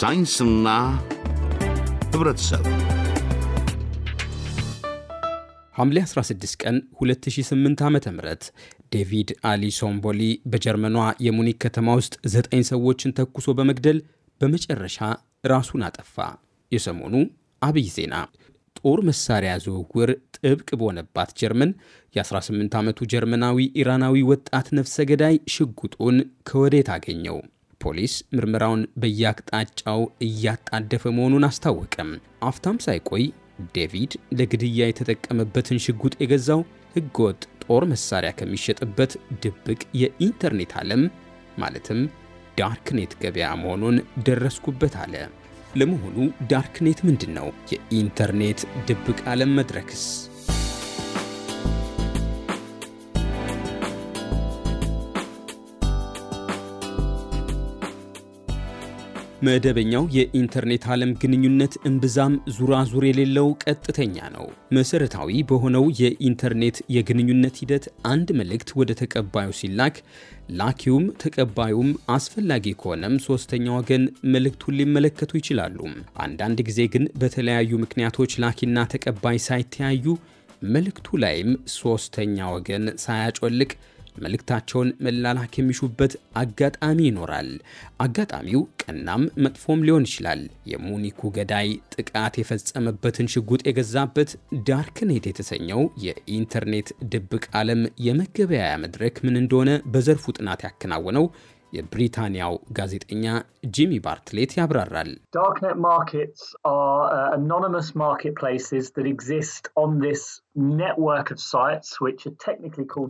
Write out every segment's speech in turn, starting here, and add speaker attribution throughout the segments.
Speaker 1: ሳይንስና ህብረተሰብ ሐምሌ 16 ቀን 2008 ዓ ም ዴቪድ አሊ ሶምቦሊ በጀርመኗ የሙኒክ ከተማ ውስጥ ዘጠኝ ሰዎችን ተኩሶ በመግደል በመጨረሻ ራሱን አጠፋ። የሰሞኑ አብይ ዜና ጦር መሳሪያ ዝውውር ጥብቅ በሆነባት ጀርመን የ18 ዓመቱ ጀርመናዊ ኢራናዊ ወጣት ነፍሰ ገዳይ ሽጉጡን ከወዴት አገኘው? ፖሊስ ምርመራውን በየአቅጣጫው እያጣደፈ መሆኑን አስታወቀም። አፍታም ሳይቆይ ዴቪድ ለግድያ የተጠቀመበትን ሽጉጥ የገዛው ህገወጥ ጦር መሳሪያ ከሚሸጥበት ድብቅ የኢንተርኔት ዓለም ማለትም ዳርክኔት ገበያ መሆኑን ደረስኩበት አለ። ለመሆኑ ዳርክኔት ምንድን ነው? የኢንተርኔት ድብቅ ዓለም መድረክስ? መደበኛው የኢንተርኔት ዓለም ግንኙነት እምብዛም ዙራዙር የሌለው ቀጥተኛ ነው። መሰረታዊ በሆነው የኢንተርኔት የግንኙነት ሂደት አንድ መልእክት ወደ ተቀባዩ ሲላክ ላኪውም ተቀባዩም አስፈላጊ ከሆነም ሶስተኛ ወገን መልእክቱን ሊመለከቱ ይችላሉ። አንዳንድ ጊዜ ግን በተለያዩ ምክንያቶች ላኪና ተቀባይ ሳይተያዩ መልእክቱ ላይም ሶስተኛ ወገን ሳያጮልቅ መልእክታቸውን መላላክ የሚሹበት አጋጣሚ ይኖራል። አጋጣሚው ቀናም መጥፎም ሊሆን ይችላል። የሙኒኩ ገዳይ ጥቃት የፈጸመበትን ሽጉጥ የገዛበት ዳርክኔት የተሰኘው የኢንተርኔት ድብቅ ዓለም የመገበያያ መድረክ ምን እንደሆነ በዘርፉ ጥናት ያከናወነው የብሪታንያው ጋዜጠኛ ጂሚ ባርትሌት ያብራራል።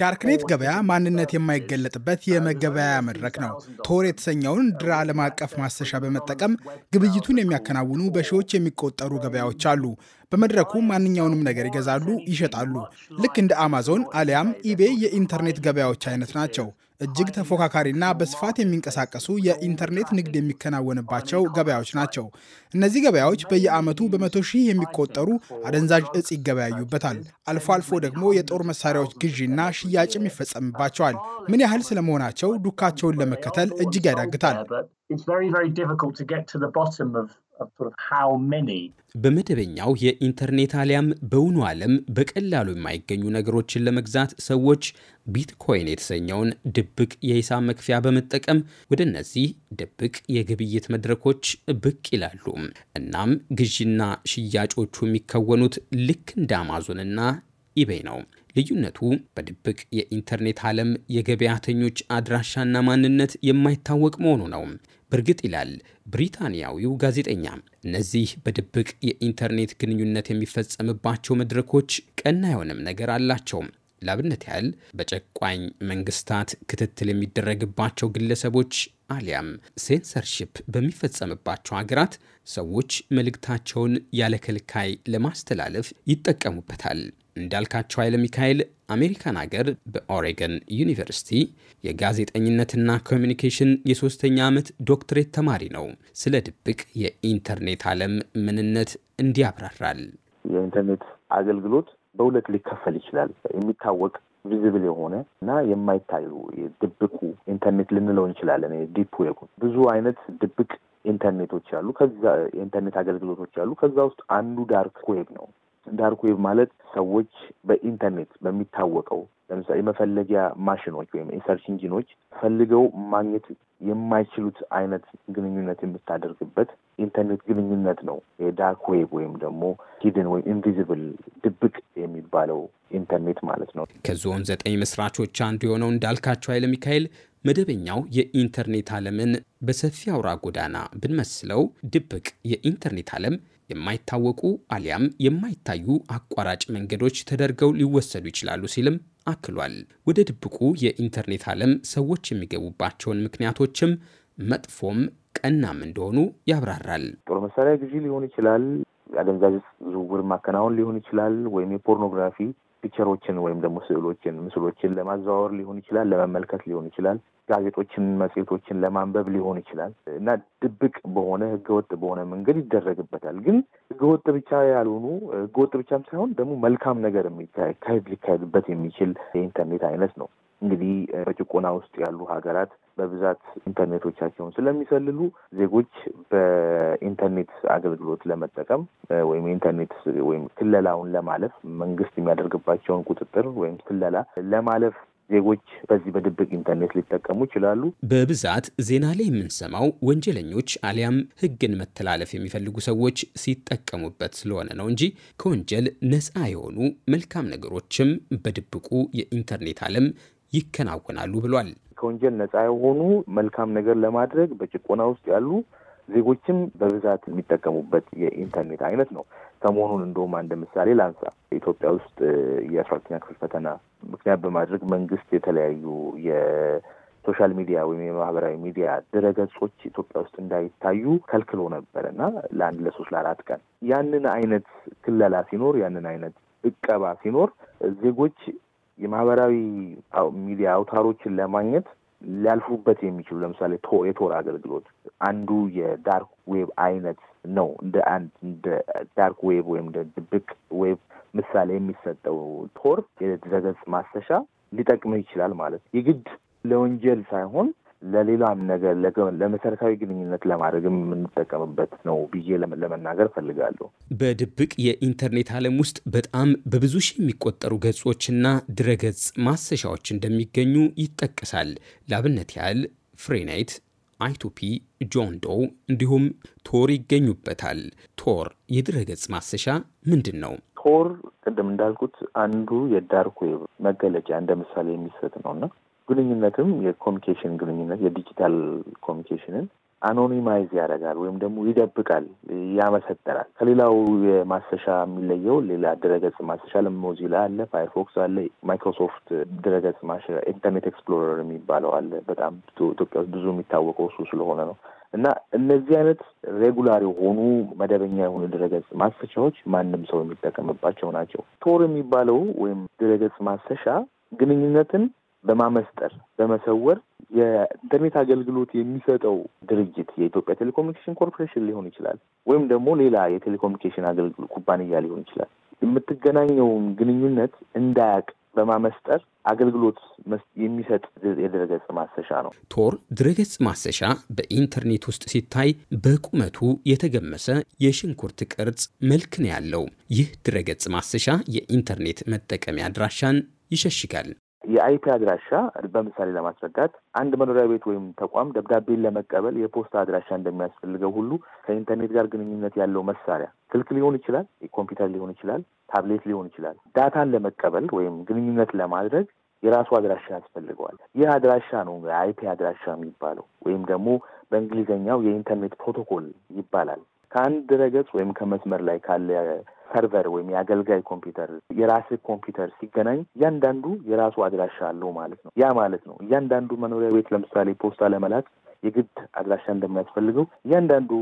Speaker 2: ዳርክኔት uh, ገበያ
Speaker 1: ማንነት የማይገለጥበት የመገበያያ መድረክ ነው። ቶር የተሰኘውን ድር ዓለም አቀፍ ማሰሻ በመጠቀም ግብይቱን የሚያከናውኑ በሺዎች የሚቆጠሩ ገበያዎች አሉ። በመድረኩ ማንኛውንም ነገር ይገዛሉ፣ ይሸጣሉ። ልክ እንደ አማዞን አሊያም ኢቤይ የኢንተርኔት ገበያዎች አይነት ናቸው። እጅግ ተፎካካሪና በስፋት የሚንቀሳቀሱ የኢንተርኔት ንግድ የሚከናወንባቸው ገበያዎች ናቸው። እነዚህ ገበያዎች በየዓመቱ በመቶ ሺህ የሚቆጠሩ አደንዛዥ እጽ ይገበያዩበታል። አልፎ አልፎ ደግሞ የጦር መሳሪያዎች ግዢና ሽያጭም ይፈጸምባቸዋል። ምን ያህል ስለመሆናቸው ዱካቸውን
Speaker 2: ለመከተል እጅግ ያዳግታል።
Speaker 1: በመደበኛው የኢንተርኔት አሊያም በውኑ ዓለም በቀላሉ የማይገኙ ነገሮችን ለመግዛት ሰዎች ቢትኮይን የተሰኘውን ድብቅ የሂሳብ መክፊያ በመጠቀም ወደ እነዚህ ድብቅ የግብይት መድረኮች ብቅ ይላሉ። እናም ግዢና ሽያጮቹ የሚከወኑት ልክ እንደ አማዞንና ኢቤይ ነው። ልዩነቱ በድብቅ የኢንተርኔት ዓለም የገበያተኞች አድራሻና ማንነት የማይታወቅ መሆኑ ነው። በእርግጥ ይላል ብሪታንያዊው ጋዜጠኛ፣ እነዚህ በድብቅ የኢንተርኔት ግንኙነት የሚፈጸምባቸው መድረኮች ቀና የሆነም ነገር አላቸው። ላብነት ያህል በጨቋኝ መንግስታት ክትትል የሚደረግባቸው ግለሰቦች አሊያም ሴንሰርሺፕ በሚፈጸምባቸው ሀገራት ሰዎች መልእክታቸውን ያለ ከልካይ ለማስተላለፍ ይጠቀሙበታል። እንዳልካቸው ኃይለ ሚካኤል አሜሪካን አገር በኦሬገን ዩኒቨርሲቲ የጋዜጠኝነትና ኮሚኒኬሽን የሶስተኛ ዓመት ዶክትሬት ተማሪ ነው። ስለ ድብቅ የኢንተርኔት ዓለም ምንነት እንዲያብራራል።
Speaker 2: የኢንተርኔት አገልግሎት በሁለት ሊከፈል ይችላል። የሚታወቅ ቪዚብል የሆነ እና የማይታዩ ድብቁ ኢንተርኔት ልንለው እንችላለን። ዲፕ ዌቡ ብዙ አይነት ድብቅ ኢንተርኔቶች አሉ። ከዛ የኢንተርኔት አገልግሎቶች አሉ። ከዛ ውስጥ አንዱ ዳርክ ዌብ ነው። ዳርክ ዌብ ማለት ሰዎች በኢንተርኔት በሚታወቀው ለምሳሌ መፈለጊያ ማሽኖች ወይም ኢንሰርች ኢንጂኖች ፈልገው ማግኘት የማይችሉት አይነት ግንኙነት የምታደርግበት ኢንተርኔት ግንኙነት ነው። የዳርክ ዌብ ወይም ደግሞ ሂድን ወይም ኢንቪዚብል ድብቅ የሚባለው ኢንተርኔት ማለት ነው።
Speaker 1: ከዞን ዘጠኝ መስራቾች አንዱ የሆነው እንዳልካቸው ኃይለ ሚካኤል መደበኛው የኢንተርኔት ዓለምን በሰፊ አውራ ጎዳና ብንመስለው ድብቅ የኢንተርኔት ዓለም የማይታወቁ አሊያም የማይታዩ አቋራጭ መንገዶች ተደርገው ሊወሰዱ ይችላሉ ሲልም አክሏል። ወደ ድብቁ የኢንተርኔት ዓለም ሰዎች የሚገቡባቸውን ምክንያቶችም መጥፎም ቀናም እንደሆኑ ያብራራል።
Speaker 2: ጦር መሳሪያ ግዢ ሊሆን ይችላል። አደንዛዥ ዝውውር ማከናወን ሊሆን ይችላል። ወይም የፖርኖግራፊ ፒክቸሮችን ወይም ደግሞ ስዕሎችን፣ ምስሎችን ለማዘዋወር ሊሆን ይችላል፣ ለመመልከት ሊሆን ይችላል፣ ጋዜጦችን፣ መጽሔቶችን ለማንበብ ሊሆን ይችላል እና ድብቅ በሆነ ህገወጥ በሆነ መንገድ ይደረግበታል። ግን ህገወጥ ብቻ ያልሆኑ ህገወጥ ብቻም ሳይሆን ደግሞ መልካም ነገር የሚካሄድ ሊካሄድበት የሚችል የኢንተርኔት አይነት ነው። እንግዲህ በጭቆና ውስጥ ያሉ ሀገራት በብዛት ኢንተርኔቶቻቸውን ስለሚሰልሉ ዜጎች በኢንተርኔት አገልግሎት ለመጠቀም ወይም ኢንተርኔት ወይም ስለላውን ለማለፍ መንግስት የሚያደርግባቸውን ቁጥጥር ወይም ስለላ ለማለፍ ዜጎች በዚህ በድብቅ ኢንተርኔት ሊጠቀሙ ይችላሉ።
Speaker 1: በብዛት ዜና ላይ የምንሰማው ወንጀለኞች አሊያም ሕግን መተላለፍ የሚፈልጉ ሰዎች ሲጠቀሙበት ስለሆነ ነው እንጂ ከወንጀል ነፃ የሆኑ መልካም ነገሮችም በድብቁ የኢንተርኔት ዓለም ይከናወናሉ ብሏል።
Speaker 2: ከወንጀል ነጻ የሆኑ መልካም ነገር ለማድረግ በጭቆና ውስጥ ያሉ ዜጎችም በብዛት የሚጠቀሙበት የኢንተርኔት አይነት ነው። ሰሞኑን እንደውም አንድ ምሳሌ ላንሳ። ኢትዮጵያ ውስጥ የአስራ ሁለተኛ ክፍል ፈተና ምክንያት በማድረግ መንግስት የተለያዩ የሶሻል ሚዲያ ወይም የማህበራዊ ሚዲያ ድረገጾች ኢትዮጵያ ውስጥ እንዳይታዩ ከልክሎ ነበር እና ለአንድ ለሶስት ለአራት ቀን ያንን አይነት ክለላ ሲኖር፣ ያንን አይነት እቀባ ሲኖር ዜጎች የማህበራዊ ሚዲያ አውታሮችን ለማግኘት ሊያልፉበት የሚችሉ ለምሳሌ የቶር አገልግሎት አንዱ የዳርክ ዌብ አይነት ነው። እንደ አንድ እንደ ዳርክ ዌብ ወይም እንደ ድብቅ ዌብ ምሳሌ የሚሰጠው ቶር የድረገጽ ማሰሻ ሊጠቅምህ ይችላል ማለት የግድ ለወንጀል ሳይሆን ለሌላም ነገር ለመሰረታዊ ግንኙነት ለማድረግ የምንጠቀምበት ነው ብዬ ለመናገር ፈልጋለሁ።
Speaker 1: በድብቅ የኢንተርኔት ዓለም ውስጥ በጣም በብዙ ሺህ የሚቆጠሩ ገጾችና ድረገጽ ማሰሻዎች እንደሚገኙ ይጠቀሳል። ለአብነት ያህል ፍሬናይት፣ አይቱፒ፣ ጆን ዶው እንዲሁም ቶር ይገኙበታል።
Speaker 2: ቶር የድረገጽ ማሰሻ ምንድን ነው? ቶር ቅድም እንዳልኩት አንዱ የዳርክ ዌብ መገለጫ እንደ ምሳሌ የሚሰጥ ነው እና ግንኙነትም የኮሚኒኬሽን ግንኙነት የዲጂታል ኮሚኒኬሽንን አኖኒማይዝ ያደርጋል ወይም ደግሞ ይደብቃል፣ ያመሰጠራል። ከሌላው የማሰሻ የሚለየው ሌላ ድረገጽ ማሰሻ ለሞዚላ አለ፣ ፋይርፎክስ አለ፣ ማይክሮሶፍት ድረገጽ ማሰሻ ኢንተርኔት ኤክስፕሎረር የሚባለው አለ። በጣም ኢትዮጵያ ውስጥ ብዙ የሚታወቀው እሱ ስለሆነ ነው። እና እነዚህ አይነት ሬጉላር የሆኑ መደበኛ የሆኑ ድረገጽ ማሰሻዎች ማንም ሰው የሚጠቀምባቸው ናቸው። ቶር የሚባለው ወይም ድረገጽ ማሰሻ ግንኙነትን በማመስጠር በመሰወር የኢንተርኔት አገልግሎት የሚሰጠው ድርጅት የኢትዮጵያ ቴሌኮሙኒኬሽን ኮርፖሬሽን ሊሆን ይችላል፣ ወይም ደግሞ ሌላ የቴሌኮሙኒኬሽን አገልግሎት ኩባንያ ሊሆን ይችላል። የምትገናኘውን ግንኙነት እንዳያቅ በማመስጠር አገልግሎት የሚሰጥ የድረገጽ ማሰሻ ነው።
Speaker 1: ቶር ድረገጽ ማሰሻ በኢንተርኔት ውስጥ ሲታይ በቁመቱ የተገመሰ የሽንኩርት ቅርጽ መልክ ነው ያለው። ይህ ድረገጽ ማሰሻ የኢንተርኔት መጠቀሚያ አድራሻን ይሸሽጋል።
Speaker 2: የአይፒ አድራሻ በምሳሌ ለማስረዳት አንድ መኖሪያ ቤት ወይም ተቋም ደብዳቤን ለመቀበል የፖስታ አድራሻ እንደሚያስፈልገው ሁሉ ከኢንተርኔት ጋር ግንኙነት ያለው መሳሪያ ስልክ ሊሆን ይችላል፣ ኮምፒውተር ሊሆን ይችላል፣ ታብሌት ሊሆን ይችላል። ዳታን ለመቀበል ወይም ግንኙነት ለማድረግ የራሱ አድራሻ ያስፈልገዋል። ይህ አድራሻ ነው የአይፒ አድራሻ የሚባለው ወይም ደግሞ በእንግሊዝኛው የኢንተርኔት ፕሮቶኮል ይባላል። ከአንድ ድረገጽ ወይም ከመስመር ላይ ካለ ሰርቨር ወይም የአገልጋይ ኮምፒውተር የራስ ኮምፒውተር ሲገናኝ እያንዳንዱ የራሱ አድራሻ አለው ማለት ነው። ያ ማለት ነው እያንዳንዱ መኖሪያ ቤት ለምሳሌ ፖስታ ለመላክ የግድ አድራሻ እንደማያስፈልገው እያንዳንዱ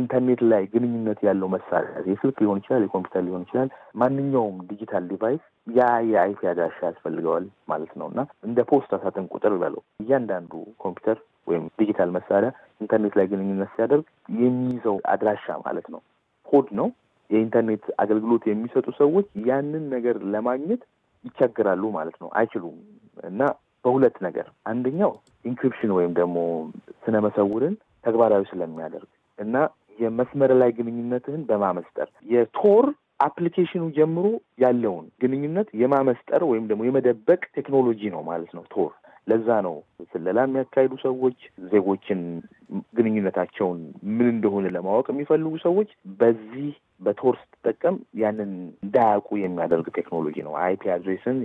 Speaker 2: ኢንተርኔት ላይ ግንኙነት ያለው መሳሪያ የስልክ ሊሆን ይችላል፣ የኮምፒውተር ሊሆን ይችላል። ማንኛውም ዲጂታል ዲቫይስ ያ የአይፒ አድራሻ ያስፈልገዋል ማለት ነው እና እንደ ፖስታ ሳጥን ቁጥር በለው እያንዳንዱ ኮምፒውተር ወይም ዲጂታል መሳሪያ ኢንተርኔት ላይ ግንኙነት ሲያደርግ የሚይዘው አድራሻ ማለት ነው ኮድ ነው። የኢንተርኔት አገልግሎት የሚሰጡ ሰዎች ያንን ነገር ለማግኘት ይቸግራሉ ማለት ነው፣ አይችሉም እና በሁለት ነገር አንደኛው ኢንክሪፕሽን ወይም ደግሞ ስነ መሰውርን ተግባራዊ ስለሚያደርግ እና የመስመር ላይ ግንኙነትህን በማመስጠር የቶር አፕሊኬሽኑ ጀምሮ ያለውን ግንኙነት የማመስጠር ወይም ደግሞ የመደበቅ ቴክኖሎጂ ነው ማለት ነው ቶር። ለዛ ነው ስለላ የሚያካሂዱ ሰዎች ዜጎችን ግንኙነታቸውን ምን እንደሆነ ለማወቅ የሚፈልጉ ሰዎች በዚህ በቶር ስትጠቀም ያንን እንዳያውቁ የሚያደርግ ቴክኖሎጂ ነው። አይፒ አድሬስን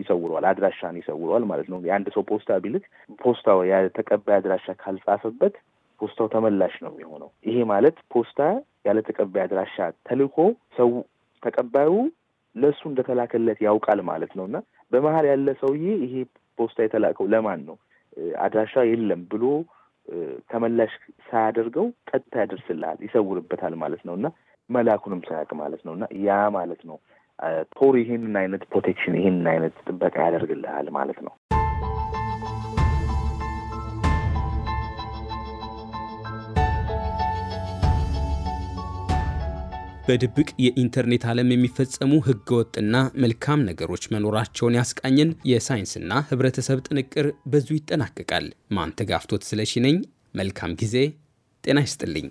Speaker 2: ይሰውረዋል፣ አድራሻን ይሰውረዋል ማለት ነው። የአንድ ሰው ፖስታ ቢልክ ፖስታው የተቀባይ አድራሻ ካልጻፈበት ፖስታው ተመላሽ ነው የሚሆነው። ይሄ ማለት ፖስታ ያለ ተቀባይ አድራሻ ተልኮ ሰው ተቀባዩ ለእሱ እንደተላከለት ያውቃል ማለት ነው እና በመሀል ያለ ሰውዬ ይሄ ፖስታ የተላከው ለማን ነው አድራሻ የለም ብሎ ተመላሽ ሳያደርገው ቀጥታ ያደርስልሃል፣ ይሰውርበታል ማለት ነው እና መላኩንም ሳያቅ ማለት ነው እና ያ ማለት ነው ቶር ይህንን አይነት ፕሮቴክሽን ይህንን አይነት ጥበቃ ያደርግልሃል ማለት ነው።
Speaker 1: በድብቅ የኢንተርኔት ዓለም የሚፈጸሙ ህገወጥና መልካም ነገሮች መኖራቸውን ያስቃኘን የሳይንስና ህብረተሰብ ጥንቅር በዙ ይጠናቀቃል። ማንተጋፍቶት ስለሺ ነኝ። መልካም ጊዜ። ጤና ይስጥልኝ።